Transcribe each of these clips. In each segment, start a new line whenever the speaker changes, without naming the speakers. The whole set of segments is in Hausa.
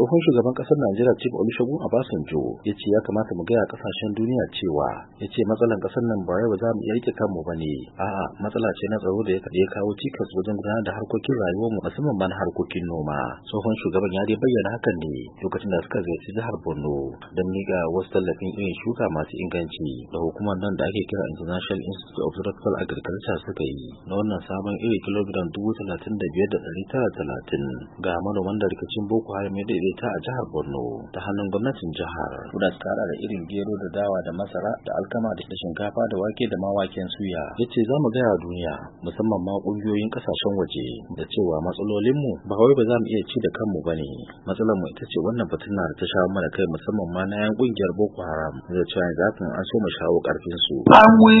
tsohon shugaban kasar najeriya chief olusegun obasanjo ya ce ya kamata mu gaya kasashen duniya cewa ya ce matsalan kasar nan ba ba za mu iya rike kanmu ba ne a'a matsala ce na tsaro da ya kawo cikas wajen gudanar da harkokin rayuwar mu a saman ban harkokin noma tsohon shugaban ya dai bayyana hakan ne lokacin da suka ziyarci jihar borno don miƙa wasu tallafin irin shuka masu inganci da hukumar nan da ake kira international institute of tropical agriculture suka yi na wannan sabon iri kilogiram dubu talatin da biyar da ɗari tara talatin ga manoman da rikicin boko haram ya daidai ta a jihar Borno ta hannun gwamnatin jihar. Kuda su kara da irin gero da dawa da masara da alkama da shinkafa da wake da mawaken suya. Ya ce za mu gaya duniya musamman ma ƙungiyoyin ƙasashen waje da cewa matsalolinmu ba wai ba za mu iya ci da kanmu ba ne. Matsalar mu ita ce wannan batun na da ta sha mana kai musamman ma na yan ƙungiyar Boko Haram da cewa zafin an so mu shawo ƙarfinsu. And
we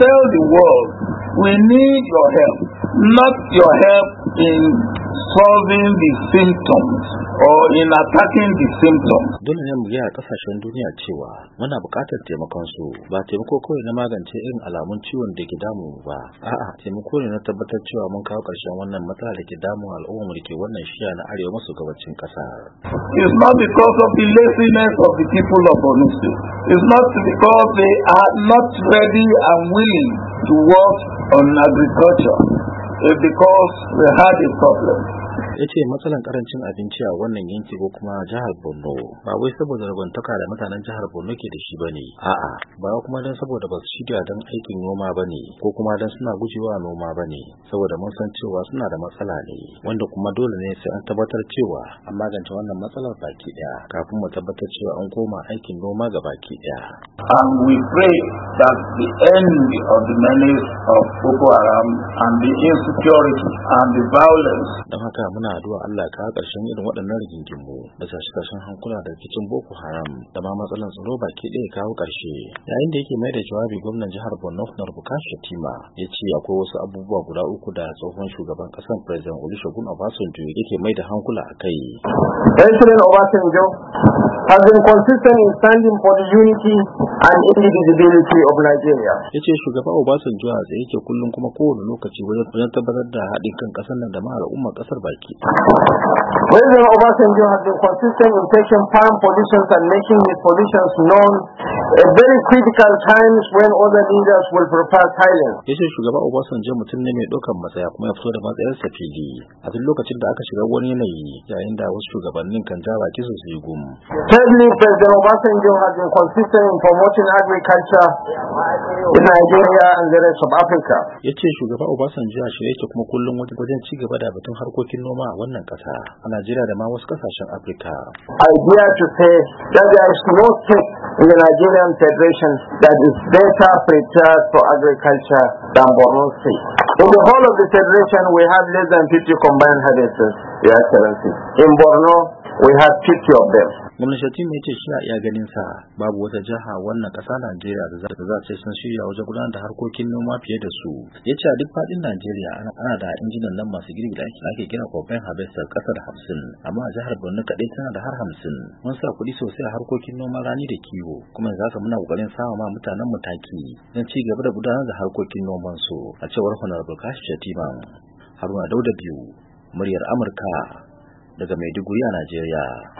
tell the world we need your help, not your help in solving the symptoms or in attacking the symptoms.
Dole ne mu a kasashen duniya cewa muna buƙatar taimakon su ba taimako kawai na magance irin alamun ciwon da ke damu ba. A'a taimako ne na tabbatar cewa mun kawo ƙarshen wannan matsala da ke damun al'ummar da ke wannan shiya na arewa maso gabacin ƙasa.
It's not because of the laziness of the people of Borno State. It's not because they are not ready and willing to work on agriculture. It's because they had a
problem. ya ce matsalan karancin abinci a wannan yanki ko kuma jihar Borno ba wai saboda rabantaka da mutanen jihar Borno ke da shi bane a'a ba kuma dan saboda ba su shirya dan aikin noma bane ko kuma dan suna gujewa noma bane saboda mun san cewa suna da matsala ne wanda kuma dole ne sai an tabbatar cewa an magance wannan matsalar baki daya kafin mu tabbatar cewa an koma aikin noma ga baki daya and
we pray that the end of the menace of Boko Haram and the insecurity and the violence
don haka muna muna addu'a Allah ka karshen irin waɗannan rigingimu da tashe-tashen hankula da rikicin Boko Haram da ma matsalan tsaro baki ɗaya kawo karshe Yayin da yake mai da jawabi gwamnan jihar Borno Nar Bukashi Shatima ya ce akwai wasu abubuwa guda uku da tsohon shugaban ƙasar President Olusegun Obasanjo yake mai da hankula a kai.
President Obasanjo has been consistent in standing for the unity and indivisibility
of Nigeria. Ya ce shugaba Obasanjo a tsaye ke kullum kuma kowane lokaci wajen tabbatar da haɗin kan ƙasar nan da ma al'ummar ƙasar baki. President Obasanjo
has been consistent in taking firm positions and making his positions known a very critical times when other leaders will prefer silence.
Ya ce shugaba Obasanjo mutum ne mai ɗaukar matsaya kuma ya fito da matsayarsa fili a duk lokacin da aka shiga wani yanayi yayin da wasu shugabannin kan ja baki su su yi gum. Thirdly, President Obasanjo has been consistent in promoting agriculture
in
Nigeria and the rest of Africa. Ya ce shugaba Obasanjo a shirye yake kuma kullum wajen ci gaba da batun harkokin noma a wannan ƙasa a Najeriya da ma wasu ƙasashen Afirka.
I dare to say that there is no state in the Nigeria petroleum federation that is better prepared for agriculture than Borno State. In the whole of the federation, we have less than 50 combined harvests, Your
Excellency. In Borno, we had 50 of them gwamnati mai ce shi a iya ganin sa babu wata jiha wannan ƙasa Najeriya da za ta ce sun shirya wajen gudanar da harkokin noma fiye da su ya ce a duk faɗin Najeriya ana da injinan nan masu girbi da ake kira kofin Harvester ƙasa da hamsin amma a jihar Borno kaɗai tana da har hamsin mun sa kuɗi sosai a harkokin noma rani da kiwo kuma yanzu haka muna ƙoƙarin sa ma mutanen mu taki don ci gaba da gudanar da harkokin noman su a cewar Honorable Kashi Shatima Haruna Dauda biyu muryar Amurka 那个没读过呀，那就呀。